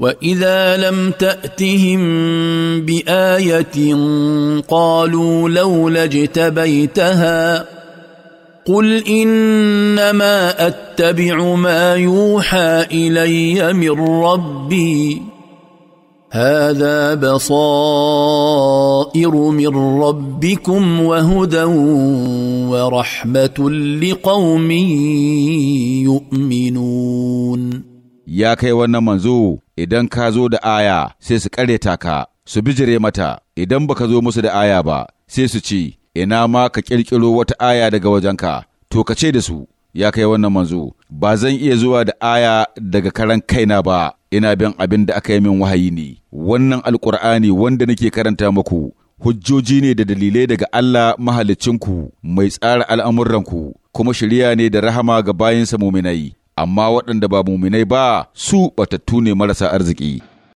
واذا لم تاتهم بايه قالوا لولا اجتبيتها قل انما اتبع ما يوحى الي من ربي هذا بصائر من ربكم وهدى ورحمه لقوم يؤمنون يا كي ونمزو idan ka zo da aya sai su ƙareta ka, su bijire mata, idan ba ka zo musu da aya ba, sai su ci, ina ma ka ƙirƙiro wata aya daga wajenka, to ka ce da su, ya kai wannan manzo, ba zan iya zuwa da aya daga karan kaina ba, ina bin abin da aka yi min wahayi ne, wannan alƙur'ani wanda nake karanta muku, hujjoji ne da dalilai daga Allah mahalicinku mai tsara al'amuranku, kuma shirya ne da rahama ga bayinsa muminai. amma waɗanda ba muminai ba su batattu ne marasa arziki.